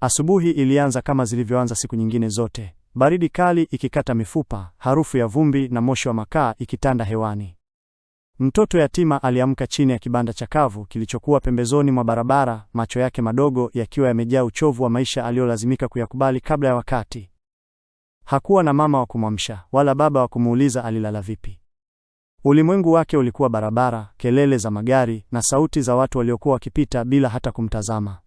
Asubuhi ilianza kama zilivyoanza siku nyingine zote, baridi kali ikikata mifupa, harufu ya vumbi na moshi wa makaa ikitanda hewani. Mtoto yatima aliamka chini ya kibanda cha kavu kilichokuwa pembezoni mwa barabara, macho yake madogo yakiwa yamejaa uchovu wa maisha aliyolazimika kuyakubali kabla ya wakati. Hakuwa na mama wa kumwamsha wala baba wa kumuuliza alilala vipi. Ulimwengu wake ulikuwa barabara, kelele za magari na sauti za watu waliokuwa wakipita bila hata kumtazama.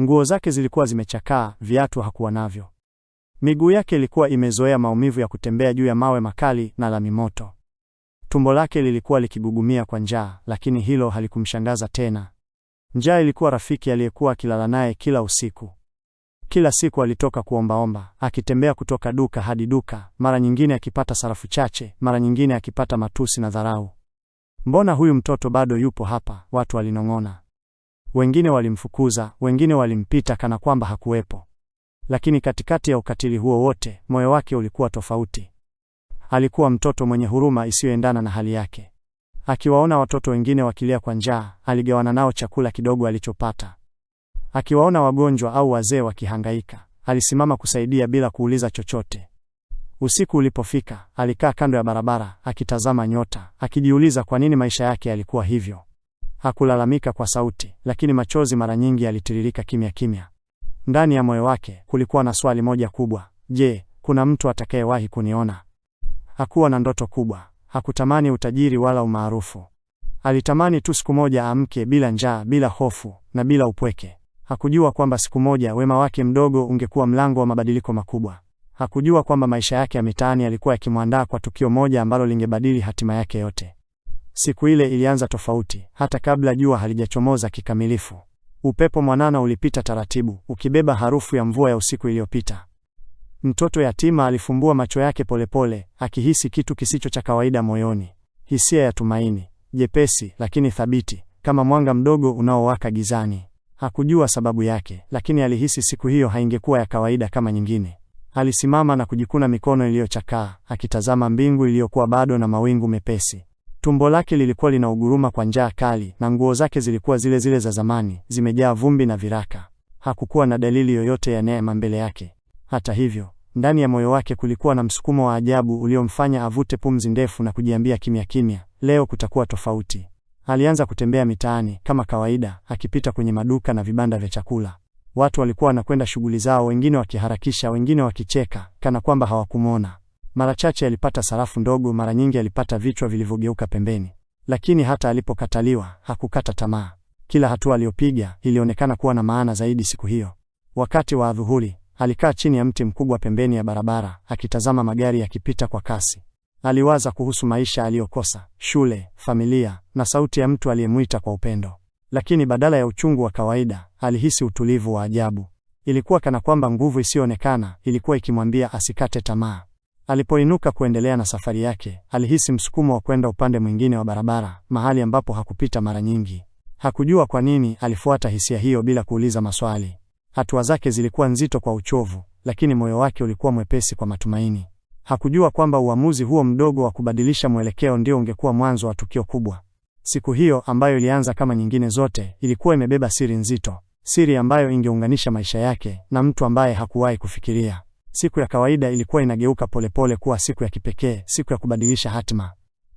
Nguo zake zilikuwa zimechakaa, viatu hakuwa navyo. Miguu yake ilikuwa imezoea maumivu ya kutembea juu ya mawe makali na lami moto. Tumbo lake lilikuwa likigugumia kwa njaa, lakini hilo halikumshangaza tena. Njaa ilikuwa rafiki aliyekuwa akilala naye kila usiku. Kila siku alitoka kuombaomba, akitembea kutoka duka hadi duka, mara nyingine akipata sarafu chache, mara nyingine akipata matusi na dharau. Mbona huyu mtoto bado yupo hapa? Watu walinong'ona. Wengine walimfukuza, wengine walimpita kana kwamba hakuwepo. Lakini katikati ya ukatili huo wote, moyo wake ulikuwa tofauti. Alikuwa mtoto mwenye huruma isiyoendana na hali yake. Akiwaona watoto wengine wakilia kwa njaa, aligawana nao chakula kidogo alichopata. Akiwaona wagonjwa au wazee wakihangaika, alisimama kusaidia bila kuuliza chochote. Usiku ulipofika, alikaa kando ya barabara akitazama nyota, akijiuliza kwa nini maisha yake yalikuwa hivyo. Hakulalamika kwa sauti, lakini machozi mara nyingi yalitiririka kimya kimya. Ndani ya moyo wake kulikuwa na swali moja kubwa: je, kuna mtu atakayewahi kuniona? Hakuwa na ndoto kubwa, hakutamani utajiri wala umaarufu. Alitamani tu siku moja amke bila njaa, bila hofu na bila upweke. Hakujua kwamba siku moja wema wake mdogo ungekuwa mlango wa mabadiliko makubwa. Hakujua kwamba maisha yake ya mitaani yalikuwa yakimwandaa kwa tukio moja ambalo lingebadili hatima yake yote. Siku ile ilianza tofauti, hata kabla jua halijachomoza kikamilifu. Upepo mwanana ulipita taratibu, ukibeba harufu ya mvua ya usiku iliyopita. Mtoto yatima alifumbua macho yake polepole, akihisi kitu kisicho cha kawaida moyoni, hisia ya tumaini jepesi lakini thabiti, kama mwanga mdogo unaowaka gizani. Hakujua sababu yake, lakini alihisi siku hiyo haingekuwa ya kawaida kama nyingine. Alisimama na kujikuna mikono iliyochakaa, akitazama mbingu iliyokuwa bado na mawingu mepesi. Tumbo lake lilikuwa linauguruma kwa njaa kali na nguo zake zilikuwa zile zile za zamani, zimejaa vumbi na viraka. Hakukuwa na dalili yoyote ya neema mbele yake. Hata hivyo, ndani ya moyo wake kulikuwa na msukumo wa ajabu uliomfanya avute pumzi ndefu na kujiambia kimya kimya, leo kutakuwa tofauti. Alianza kutembea mitaani kama kawaida, akipita kwenye maduka na vibanda vya chakula. Watu walikuwa wanakwenda shughuli zao, wengine wakiharakisha, wengine wakicheka kana kwamba hawakumwona. Mara chache alipata sarafu ndogo, mara nyingi alipata vichwa vilivyogeuka pembeni, lakini hata alipokataliwa hakukata tamaa. Kila hatua aliyopiga ilionekana kuwa na maana zaidi siku hiyo. Wakati wa adhuhuri alikaa chini ya mti mkubwa pembeni ya barabara akitazama magari yakipita kwa kasi. Aliwaza kuhusu maisha aliyokosa, shule, familia na sauti ya mtu aliyemwita kwa upendo. Lakini badala ya uchungu wa kawaida, alihisi utulivu wa ajabu. Ilikuwa kana kwamba nguvu isiyoonekana ilikuwa ikimwambia asikate tamaa. Alipoinuka kuendelea na safari yake, alihisi msukumo wa kwenda upande mwingine wa barabara, mahali ambapo hakupita mara nyingi. Hakujua kwa nini alifuata hisia hiyo bila kuuliza maswali. Hatua zake zilikuwa nzito kwa uchovu, lakini moyo wake ulikuwa mwepesi kwa matumaini. Hakujua kwamba uamuzi huo mdogo wa kubadilisha mwelekeo ndio ungekuwa mwanzo wa tukio kubwa. Siku hiyo ambayo ilianza kama nyingine zote, ilikuwa imebeba siri nzito, siri ambayo ingeunganisha maisha yake na mtu ambaye hakuwahi kufikiria. Siku ya kawaida ilikuwa inageuka polepole kuwa siku ya kipekee, siku ya kubadilisha hatima.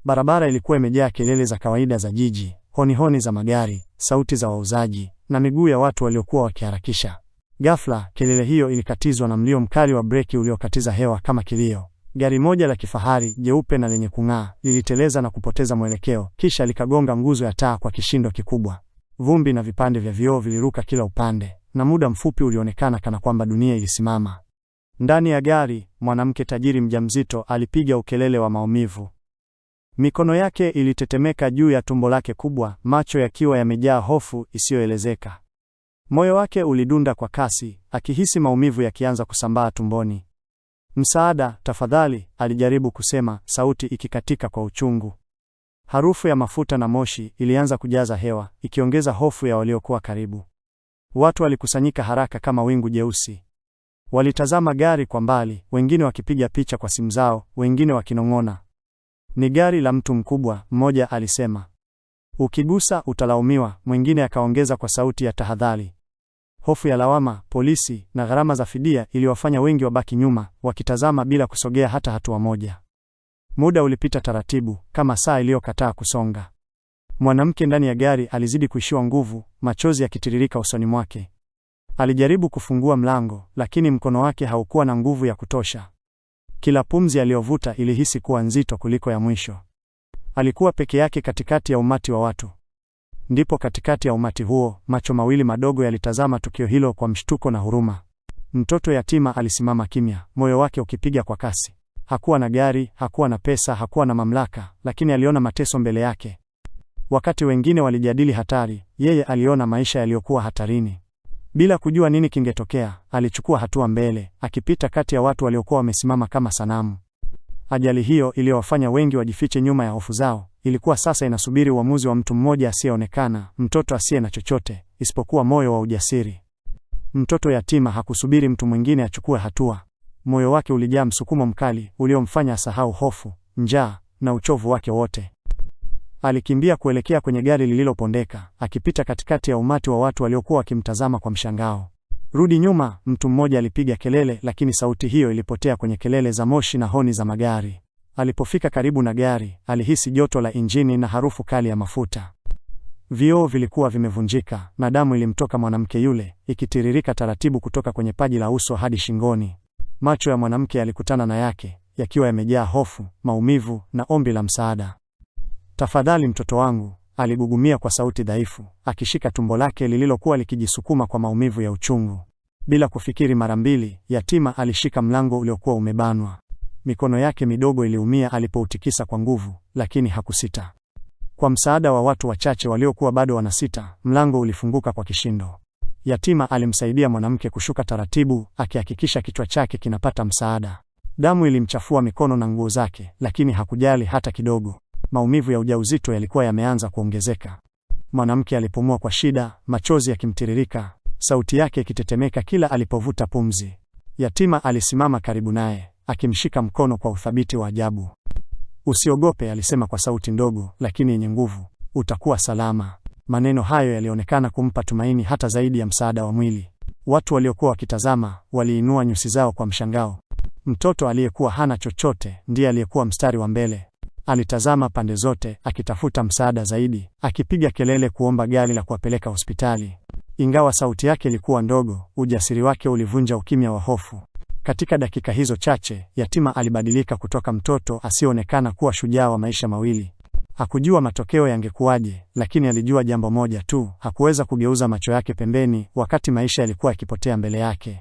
Barabara ilikuwa imejaa kelele za kawaida za jiji, honi honi za magari, sauti za wauzaji na miguu ya watu waliokuwa wakiharakisha. Ghafla, kelele hiyo ilikatizwa na mlio mkali wa breki uliokatiza hewa kama kilio. Gari moja la kifahari jeupe na lenye kung'aa liliteleza na kupoteza mwelekeo, kisha likagonga nguzo ya taa kwa kishindo kikubwa. Vumbi na vipande vya vioo viliruka kila upande, na muda mfupi ulionekana kana kwamba dunia ilisimama. Ndani ya gari, mwanamke tajiri mjamzito alipiga ukelele wa maumivu. Mikono yake ilitetemeka juu ya tumbo lake kubwa, macho yakiwa yamejaa hofu isiyoelezeka. Moyo wake ulidunda kwa kasi, akihisi maumivu yakianza kusambaa tumboni. Msaada, tafadhali, alijaribu kusema, sauti ikikatika kwa uchungu. Harufu ya mafuta na moshi ilianza kujaza hewa, ikiongeza hofu ya waliokuwa karibu. Watu walikusanyika haraka kama wingu jeusi. Walitazama gari kwa mbali, wengine wakipiga picha kwa simu zao, wengine wakinong'ona. Ni gari la mtu mkubwa, mmoja alisema. Ukigusa utalaumiwa, mwingine akaongeza kwa sauti ya tahadhari. Hofu ya lawama, polisi na gharama za fidia iliwafanya wengi wabaki nyuma, wakitazama bila kusogea hata hatua moja. Muda ulipita taratibu, kama saa iliyokataa kusonga. Mwanamke ndani ya gari alizidi kuishiwa nguvu, machozi yakitiririka usoni mwake. Alijaribu kufungua mlango, lakini mkono wake haukuwa na nguvu ya kutosha. Kila pumzi aliyovuta ilihisi kuwa nzito kuliko ya mwisho. Alikuwa peke yake katikati ya umati wa watu. Ndipo katikati ya umati huo, macho mawili madogo yalitazama tukio hilo kwa mshtuko na huruma. Mtoto yatima alisimama kimya, moyo wake ukipiga kwa kasi. Hakuwa na gari, hakuwa na pesa, hakuwa na mamlaka, lakini aliona mateso mbele yake. Wakati wengine walijadili hatari, yeye aliona maisha yaliyokuwa hatarini. Bila kujua nini kingetokea, alichukua hatua mbele, akipita kati ya watu waliokuwa wamesimama kama sanamu. Ajali hiyo iliyowafanya wengi wajifiche nyuma ya hofu zao, ilikuwa sasa inasubiri uamuzi wa mtu mmoja asiyeonekana, mtoto asiye na chochote isipokuwa moyo wa ujasiri. Mtoto yatima hakusubiri mtu mwingine achukue hatua. Moyo wake ulijaa msukumo mkali uliomfanya asahau hofu, njaa na uchovu wake wote. Alikimbia kuelekea kwenye gari lililopondeka, akipita katikati ya umati wa watu waliokuwa wakimtazama kwa mshangao. Rudi nyuma, mtu mmoja alipiga kelele, lakini sauti hiyo ilipotea kwenye kelele za moshi na honi za magari. Alipofika karibu na gari, alihisi joto la injini na harufu kali ya mafuta. Vioo vilikuwa vimevunjika na damu ilimtoka mwanamke yule, ikitiririka taratibu kutoka kwenye paji la uso hadi shingoni. Macho ya mwanamke yalikutana na yake, yakiwa yamejaa hofu, maumivu na ombi la msaada. Tafadhali mtoto wangu, aligugumia kwa sauti dhaifu, akishika tumbo lake lililokuwa likijisukuma kwa maumivu ya uchungu. Bila kufikiri mara mbili, yatima alishika mlango uliokuwa umebanwa. Mikono yake midogo iliumia alipoutikisa kwa nguvu, lakini hakusita. Kwa msaada wa watu wachache waliokuwa bado wanasita, mlango ulifunguka kwa kishindo. Yatima alimsaidia mwanamke kushuka taratibu, akihakikisha kichwa chake kinapata msaada. Damu ilimchafua mikono na nguo zake, lakini hakujali hata kidogo maumivu ya ujauzito yalikuwa yameanza kuongezeka. Mwanamke alipumua kwa shida, machozi yakimtiririka, sauti yake ikitetemeka kila alipovuta pumzi. Yatima alisimama karibu naye, akimshika mkono kwa uthabiti wa ajabu. Usiogope, alisema kwa sauti ndogo lakini yenye nguvu, utakuwa salama. Maneno hayo yalionekana kumpa tumaini hata zaidi ya msaada wa mwili. Watu waliokuwa wakitazama waliinua nyusi zao kwa mshangao. Mtoto aliyekuwa hana chochote ndiye aliyekuwa mstari wa mbele, Alitazama pande zote akitafuta msaada zaidi, akipiga kelele kuomba gari la kuwapeleka hospitali. Ingawa sauti yake ilikuwa ndogo, ujasiri wake ulivunja ukimya wa hofu. Katika dakika hizo chache, yatima alibadilika kutoka mtoto asiyeonekana kuwa shujaa wa maisha mawili. Hakujua matokeo yangekuwaje, lakini alijua jambo moja tu, hakuweza kugeuza macho yake pembeni wakati maisha yalikuwa yakipotea mbele yake.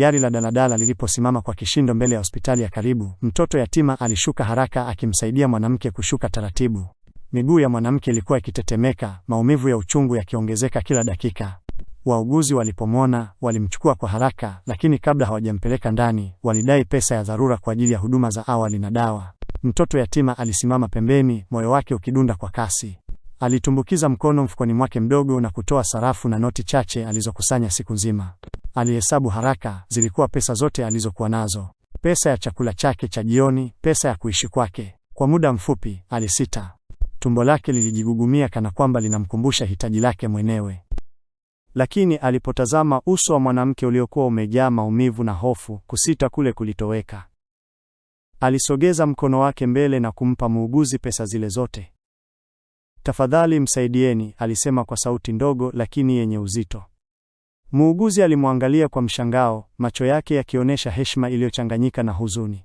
Gari la daladala liliposimama kwa kishindo mbele ya hospitali ya karibu, mtoto yatima alishuka haraka akimsaidia mwanamke kushuka taratibu. Miguu ya mwanamke ilikuwa ikitetemeka, maumivu ya uchungu yakiongezeka kila dakika. Wauguzi walipomwona walimchukua kwa haraka, lakini kabla hawajampeleka ndani, walidai pesa ya dharura kwa ajili ya huduma za awali na dawa. Mtoto yatima alisimama pembeni, moyo wake ukidunda kwa kasi. Alitumbukiza mkono mfukoni mwake mdogo na kutoa sarafu na noti chache alizokusanya siku nzima. Alihesabu haraka, zilikuwa pesa zote alizokuwa nazo, pesa ya chakula chake cha jioni, pesa ya kuishi kwake. Kwa muda mfupi alisita, tumbo lake lilijigugumia kana kwamba linamkumbusha hitaji lake mwenyewe. Lakini alipotazama uso wa mwanamke uliokuwa umejaa maumivu na hofu, kusita kule kulitoweka. Alisogeza mkono wake mbele na kumpa muuguzi pesa zile zote. Tafadhali msaidieni, alisema kwa sauti ndogo lakini yenye uzito. Muuguzi alimwangalia kwa mshangao, macho yake yakionyesha heshima iliyochanganyika na huzuni.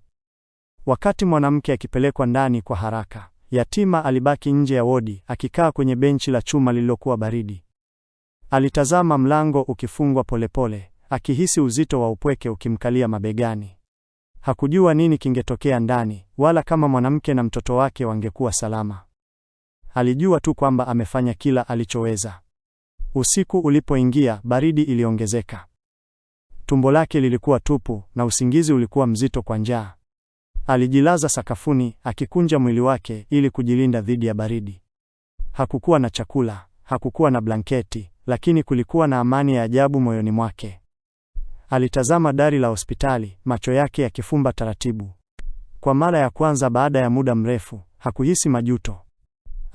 Wakati mwanamke akipelekwa ndani kwa haraka, yatima alibaki nje ya wodi akikaa kwenye benchi la chuma lililokuwa baridi. Alitazama mlango ukifungwa polepole, akihisi uzito wa upweke ukimkalia mabegani. Hakujua nini kingetokea ndani, wala kama mwanamke na mtoto wake wangekuwa salama alijua tu kwamba amefanya kila alichoweza. Usiku ulipoingia, baridi iliongezeka. Tumbo lake lilikuwa tupu na usingizi ulikuwa mzito kwa njaa. Alijilaza sakafuni akikunja mwili wake ili kujilinda dhidi ya baridi. Hakukuwa na chakula, hakukuwa na blanketi, lakini kulikuwa na amani ya ajabu moyoni mwake. Alitazama dari la hospitali, macho yake yakifumba taratibu. Kwa mara ya kwanza baada ya muda mrefu, hakuhisi majuto.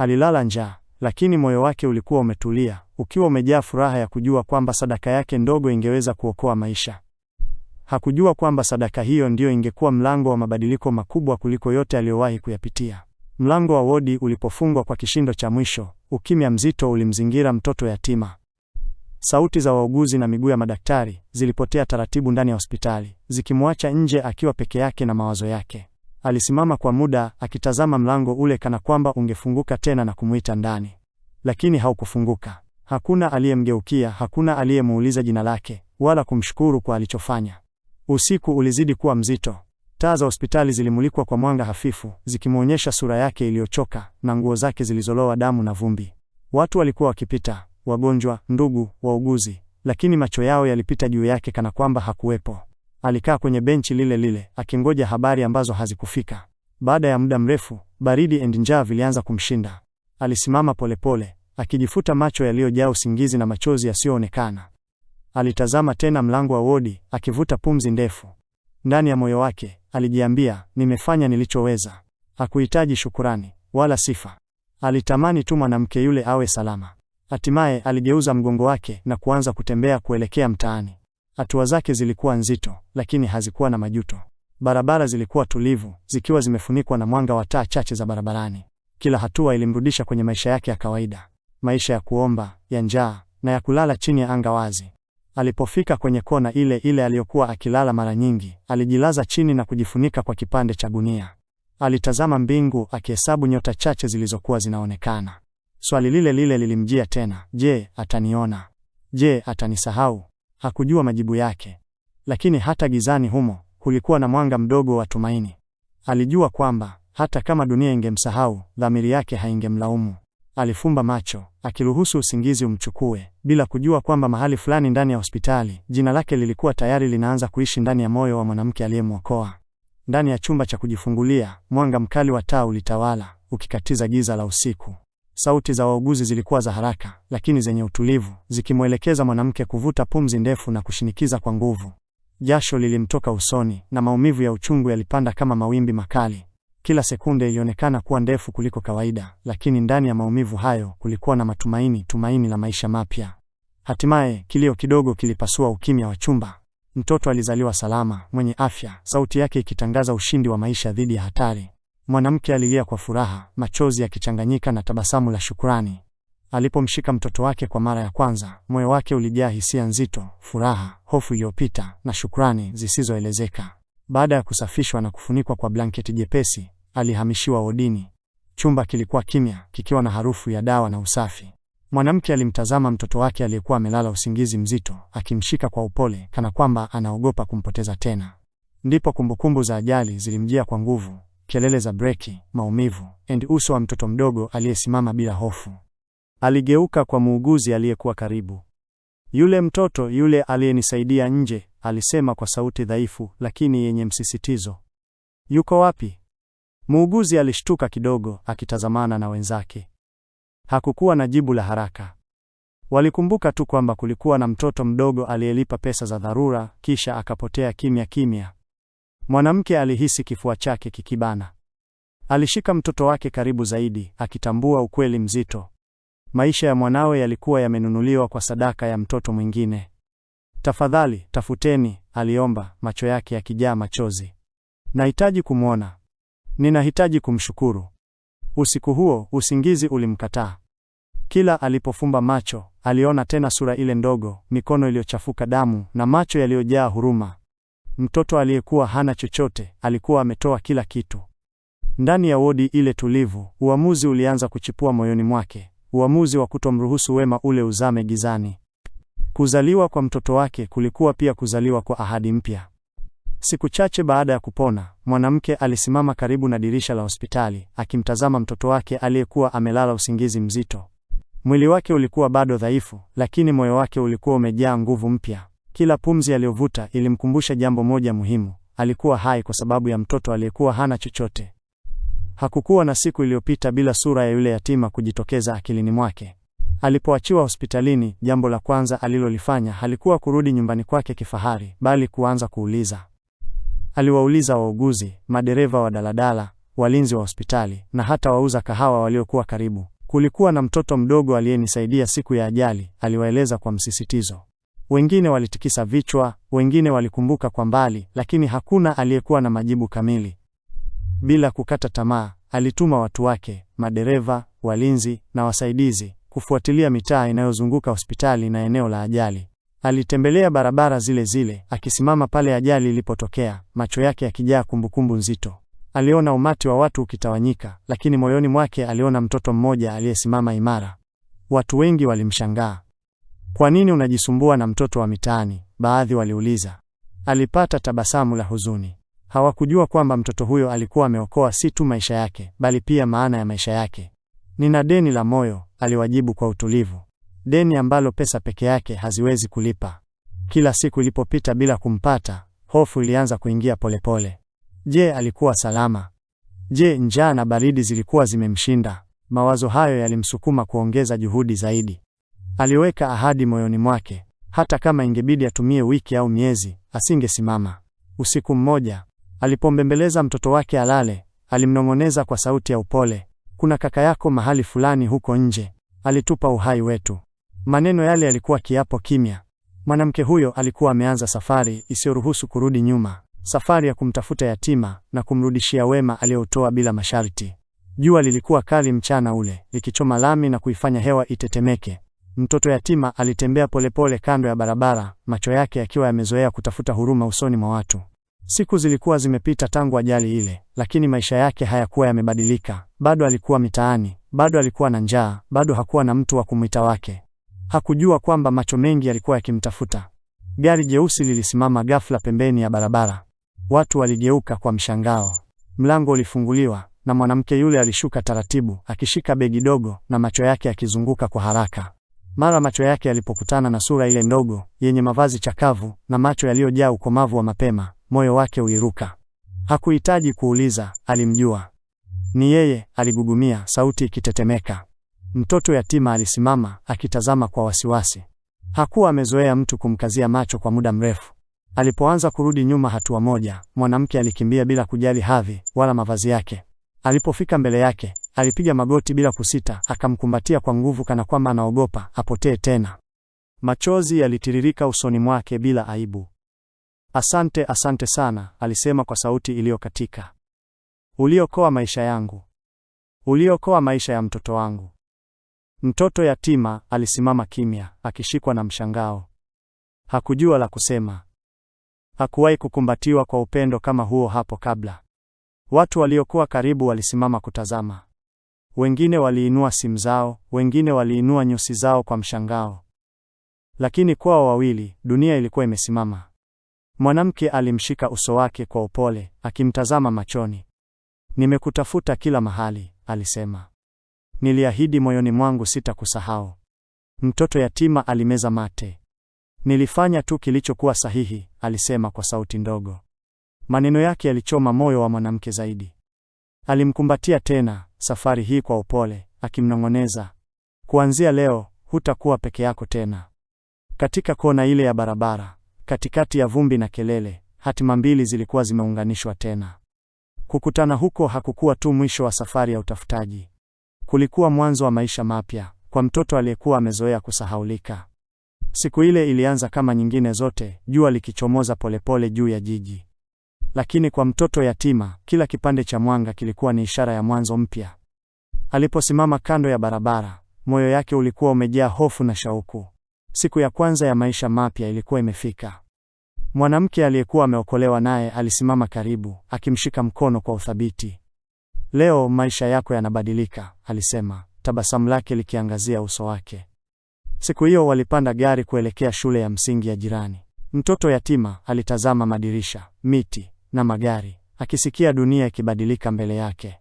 Alilala njaa, lakini moyo wake ulikuwa umetulia, ukiwa umejaa furaha ya kujua kwamba sadaka yake ndogo ingeweza kuokoa maisha. Hakujua kwamba sadaka hiyo ndiyo ingekuwa mlango wa mabadiliko makubwa kuliko yote aliyowahi kuyapitia. Mlango wa wodi ulipofungwa kwa kishindo cha mwisho, ukimya mzito ulimzingira mtoto yatima. Sauti za wauguzi na miguu ya madaktari zilipotea taratibu ndani ya hospitali, zikimwacha nje akiwa peke yake na mawazo yake. Alisimama kwa muda akitazama mlango ule kana kwamba ungefunguka tena na kumwita ndani, lakini haukufunguka. Hakuna aliyemgeukia, hakuna aliyemuuliza jina lake wala kumshukuru kwa alichofanya. Usiku ulizidi kuwa mzito. Taa za hospitali zilimulikwa kwa mwanga hafifu, zikimwonyesha sura yake iliyochoka na nguo zake zilizolowa damu na vumbi. Watu walikuwa wakipita, wagonjwa, ndugu, wauguzi, lakini macho yao yalipita juu yake kana kwamba hakuwepo. Alikaa kwenye benchi lile lile akingoja habari ambazo hazikufika. Baada ya muda mrefu, baridi and njaa vilianza kumshinda. Alisimama polepole akijifuta macho yaliyojaa usingizi na machozi yasiyoonekana. Alitazama tena mlango wa wodi akivuta pumzi ndefu. Ndani ya moyo wake alijiambia, nimefanya nilichoweza. Hakuhitaji shukurani wala sifa, alitamani tu mwanamke yule awe salama. Hatimaye aligeuza mgongo wake na kuanza kutembea kuelekea mtaani. Hatua zake zilikuwa nzito, lakini hazikuwa na majuto. Barabara zilikuwa tulivu, zikiwa zimefunikwa na mwanga wa taa chache za barabarani. Kila hatua ilimrudisha kwenye maisha yake ya kawaida, maisha ya kuomba, ya njaa na ya kulala chini ya anga wazi. Alipofika kwenye kona ile ile aliyokuwa akilala mara nyingi, alijilaza chini na kujifunika kwa kipande cha gunia. Alitazama mbingu akihesabu nyota chache zilizokuwa zinaonekana. Swali lile lile lilimjia tena, je, ataniona? Je, atanisahau? Hakujua majibu yake, lakini hata gizani humo kulikuwa na mwanga mdogo wa tumaini. Alijua kwamba hata kama dunia ingemsahau, dhamiri yake haingemlaumu. Alifumba macho akiruhusu usingizi umchukue, bila kujua kwamba mahali fulani ndani ya hospitali jina lake lilikuwa tayari linaanza kuishi ndani ya moyo wa mwanamke aliyemwokoa. Ndani ya chumba cha kujifungulia, mwanga mkali wa taa ulitawala ukikatiza giza la usiku. Sauti za wauguzi zilikuwa za haraka lakini zenye utulivu, zikimwelekeza mwanamke kuvuta pumzi ndefu na kushinikiza kwa nguvu. Jasho lilimtoka usoni na maumivu ya uchungu yalipanda kama mawimbi makali. Kila sekunde ilionekana kuwa ndefu kuliko kawaida, lakini ndani ya maumivu hayo kulikuwa na matumaini, tumaini la maisha mapya. Hatimaye kilio kidogo kilipasua ukimya wa chumba. Mtoto alizaliwa salama, mwenye afya, sauti yake ikitangaza ushindi wa maisha dhidi ya hatari. Mwanamke alilia kwa furaha, machozi yakichanganyika na tabasamu la shukrani. Alipomshika mtoto wake kwa mara ya kwanza, moyo wake ulijaa hisia nzito, furaha, hofu iliyopita na shukrani zisizoelezeka. Baada ya kusafishwa na kufunikwa kwa blanketi jepesi, alihamishiwa wodini. Chumba kilikuwa kimya, kikiwa na harufu ya dawa na usafi. Mwanamke alimtazama mtoto wake aliyekuwa amelala usingizi mzito, akimshika kwa upole, kana kwamba anaogopa kumpoteza tena. Ndipo kumbukumbu za ajali zilimjia kwa nguvu, kelele za breki, maumivu, and uso wa mtoto mdogo aliyesimama bila hofu. Aligeuka kwa muuguzi aliyekuwa karibu. Yule mtoto yule aliyenisaidia nje, alisema kwa sauti dhaifu lakini yenye msisitizo. Yuko wapi? Muuguzi alishtuka kidogo, akitazamana na wenzake. Hakukuwa na jibu la haraka. Walikumbuka tu kwamba kulikuwa na mtoto mdogo aliyelipa pesa za dharura kisha akapotea kimya kimya. Mwanamke alihisi kifua chake kikibana. Alishika mtoto wake karibu zaidi, akitambua ukweli mzito. Maisha ya mwanawe yalikuwa yamenunuliwa kwa sadaka ya mtoto mwingine. Tafadhali, tafuteni, aliomba, macho yake yakijaa machozi. Nahitaji kumwona. Ninahitaji kumshukuru. Usiku huo, usingizi ulimkataa. Kila alipofumba macho, aliona tena sura ile ndogo, mikono iliyochafuka damu na macho yaliyojaa huruma mtoto aliyekuwa hana chochote alikuwa ametoa kila kitu. Ndani ya wodi ile tulivu, uamuzi ulianza kuchipua moyoni mwake, uamuzi wa kutomruhusu wema ule uzame gizani. Kuzaliwa kwa mtoto wake kulikuwa pia kuzaliwa kwa ahadi mpya. Siku chache baada ya kupona, mwanamke alisimama karibu na dirisha la hospitali akimtazama mtoto wake aliyekuwa amelala usingizi mzito. Mwili wake ulikuwa bado dhaifu, lakini moyo wake ulikuwa umejaa nguvu mpya. Kila pumzi aliyovuta ilimkumbusha jambo moja muhimu: alikuwa hai kwa sababu ya mtoto aliyekuwa hana chochote. Hakukuwa na siku iliyopita bila sura ya yule yatima kujitokeza akilini mwake. Alipoachiwa hospitalini, jambo la kwanza alilolifanya halikuwa kurudi nyumbani kwake kifahari, bali kuanza kuuliza. Aliwauliza wauguzi, madereva wa daladala, walinzi wa hospitali na hata wauza kahawa waliokuwa karibu. Kulikuwa na mtoto mdogo aliyenisaidia siku ya ajali, aliwaeleza kwa msisitizo. Wengine walitikisa vichwa, wengine walikumbuka kwa mbali, lakini hakuna aliyekuwa na majibu kamili. Bila kukata tamaa, alituma watu wake, madereva, walinzi na wasaidizi, kufuatilia mitaa inayozunguka hospitali na eneo la ajali. Alitembelea barabara zile zile, akisimama pale ajali ilipotokea, macho yake yakijaa kumbukumbu nzito. Aliona umati wa watu ukitawanyika, lakini moyoni mwake aliona mtoto mmoja aliyesimama imara. Watu wengi walimshangaa, kwa nini unajisumbua na mtoto wa mitaani? Baadhi waliuliza. Alipata tabasamu la huzuni. Hawakujua kwamba mtoto huyo alikuwa ameokoa si tu maisha yake, bali pia maana ya maisha yake. Nina deni la moyo, aliwajibu kwa utulivu, deni ambalo pesa peke yake haziwezi kulipa. Kila siku ilipopita bila kumpata, hofu ilianza kuingia polepole. Je, alikuwa salama? Je, njaa na baridi zilikuwa zimemshinda? Mawazo hayo yalimsukuma kuongeza juhudi zaidi. Aliweka ahadi moyoni mwake, hata kama ingebidi atumie wiki au miezi, asingesimama. Usiku mmoja alipombembeleza mtoto wake alale, alimnong'oneza kwa sauti ya upole, kuna kaka yako mahali fulani huko nje, alitupa uhai wetu. Maneno yale yalikuwa kiapo kimya. Mwanamke huyo alikuwa ameanza safari isiyoruhusu kurudi nyuma, safari ya kumtafuta yatima na kumrudishia wema aliyoutoa bila masharti. Jua lilikuwa kali mchana ule, likichoma lami na kuifanya hewa itetemeke. Mtoto yatima alitembea polepole kando ya barabara, macho yake yakiwa yamezoea kutafuta huruma usoni mwa watu. Siku zilikuwa zimepita tangu ajali ile, lakini maisha yake hayakuwa yamebadilika. Bado alikuwa mitaani, bado alikuwa na njaa, bado hakuwa na mtu wa kumwita wake. Hakujua kwamba macho mengi yalikuwa yakimtafuta. Gari jeusi lilisimama ghafla pembeni ya barabara. Watu waligeuka kwa mshangao. Mlango ulifunguliwa na mwanamke yule alishuka taratibu, akishika begi dogo na macho yake yakizunguka kwa haraka. Mara macho yake yalipokutana na sura ile ndogo yenye mavazi chakavu na macho yaliyojaa ukomavu wa mapema, moyo wake uliruka. Hakuhitaji kuuliza, alimjua. Ni yeye, aligugumia, sauti ikitetemeka. Mtoto yatima alisimama akitazama kwa wasiwasi. Hakuwa amezoea mtu kumkazia macho kwa muda mrefu. Alipoanza kurudi nyuma hatua moja, mwanamke alikimbia bila kujali hadhi wala mavazi yake. Alipofika mbele yake, alipiga magoti bila kusita, akamkumbatia kwa nguvu kana kwamba anaogopa apotee tena. Machozi yalitiririka usoni mwake bila aibu. Asante, asante sana, alisema kwa sauti iliyokatika. Uliokoa maisha yangu, uliokoa maisha ya mtoto wangu. Mtoto yatima alisimama kimya, akishikwa na mshangao. Hakujua la kusema. Hakuwahi kukumbatiwa kwa upendo kama huo hapo kabla. Watu waliokuwa karibu walisimama kutazama. Wengine waliinua simu zao, wengine waliinua nyusi zao kwa mshangao. Lakini kwao wawili, dunia ilikuwa imesimama. Mwanamke alimshika uso wake kwa upole, akimtazama machoni. Nimekutafuta kila mahali, alisema. Niliahidi moyoni mwangu sitakusahau. Mtoto yatima alimeza mate. Nilifanya tu kilichokuwa sahihi, alisema kwa sauti ndogo. Maneno yake yalichoma moyo wa mwanamke zaidi. Alimkumbatia tena, safari hii kwa upole, akimnong'oneza, kuanzia leo hutakuwa peke yako tena. Katika kona ile ya barabara, katikati ya vumbi na kelele, hatima mbili zilikuwa zimeunganishwa tena. Kukutana huko hakukuwa tu mwisho wa safari ya utafutaji, kulikuwa mwanzo wa maisha mapya kwa mtoto aliyekuwa amezoea kusahaulika. Siku ile ilianza kama nyingine zote, jua likichomoza polepole juu ya jiji lakini kwa mtoto yatima kila kipande cha mwanga kilikuwa ni ishara ya mwanzo mpya. Aliposimama kando ya barabara, moyo yake ulikuwa umejaa hofu na shauku. Siku ya kwanza ya maisha mapya ilikuwa imefika. Mwanamke aliyekuwa ameokolewa naye alisimama karibu, akimshika mkono kwa uthabiti. Leo maisha yako yanabadilika, alisema, tabasamu lake likiangazia uso wake. Siku hiyo walipanda gari kuelekea shule ya msingi ya jirani. Mtoto yatima alitazama madirisha, miti na magari, akisikia dunia ikibadilika mbele yake.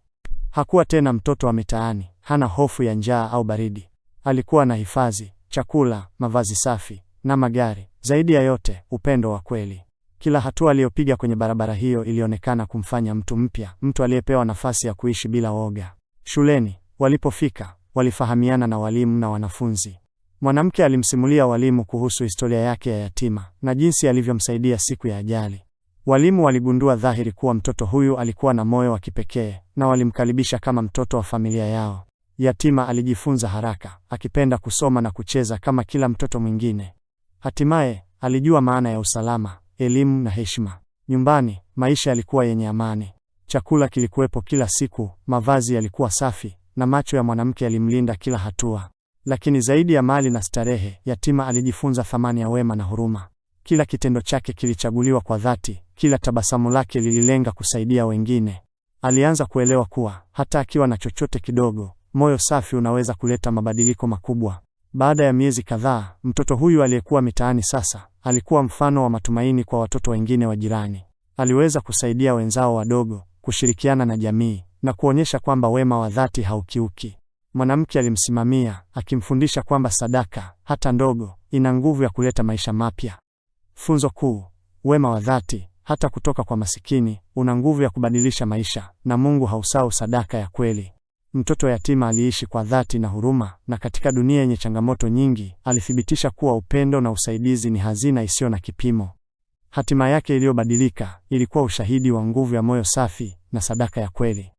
Hakuwa tena mtoto wa mitaani, hana hofu ya njaa au baridi. Alikuwa na hifadhi, chakula, mavazi safi na magari, zaidi ya yote upendo wa kweli. Kila hatua aliyopiga kwenye barabara hiyo ilionekana kumfanya mtu mpya, mtu aliyepewa nafasi ya kuishi bila woga. Shuleni walipofika, walifahamiana na walimu na wanafunzi. Mwanamke alimsimulia walimu kuhusu historia yake ya yatima na jinsi alivyomsaidia siku ya ajali. Walimu waligundua dhahiri kuwa mtoto huyu alikuwa na moyo wa kipekee na walimkaribisha kama mtoto wa familia yao. Yatima alijifunza haraka, akipenda kusoma na kucheza kama kila mtoto mwingine. Hatimaye alijua maana ya usalama, elimu na heshima. Nyumbani maisha yalikuwa yenye amani. Chakula kilikuwepo kila siku, mavazi yalikuwa safi na macho ya mwanamke yalimlinda kila hatua. Lakini zaidi ya mali na starehe, yatima alijifunza thamani ya wema na huruma. Kila kitendo chake kilichaguliwa kwa dhati kila tabasamu lake lililenga kusaidia wengine. Alianza kuelewa kuwa hata akiwa na chochote kidogo, moyo safi unaweza kuleta mabadiliko makubwa. Baada ya miezi kadhaa, mtoto huyu aliyekuwa mitaani sasa alikuwa mfano wa matumaini kwa watoto wengine wa jirani. Aliweza kusaidia wenzao wadogo, kushirikiana na jamii na kuonyesha kwamba wema wa dhati haukiuki. Mwanamke alimsimamia akimfundisha kwamba sadaka hata ndogo ina nguvu ya kuleta maisha mapya. Funzo kuu: wema wa dhati hata kutoka kwa masikini, una nguvu ya kubadilisha maisha, na Mungu hausahau sadaka ya kweli. Mtoto yatima aliishi kwa dhati na huruma, na katika dunia yenye changamoto nyingi, alithibitisha kuwa upendo na usaidizi ni hazina isiyo na kipimo. Hatima yake iliyobadilika ilikuwa ushahidi wa nguvu ya moyo safi na sadaka ya kweli.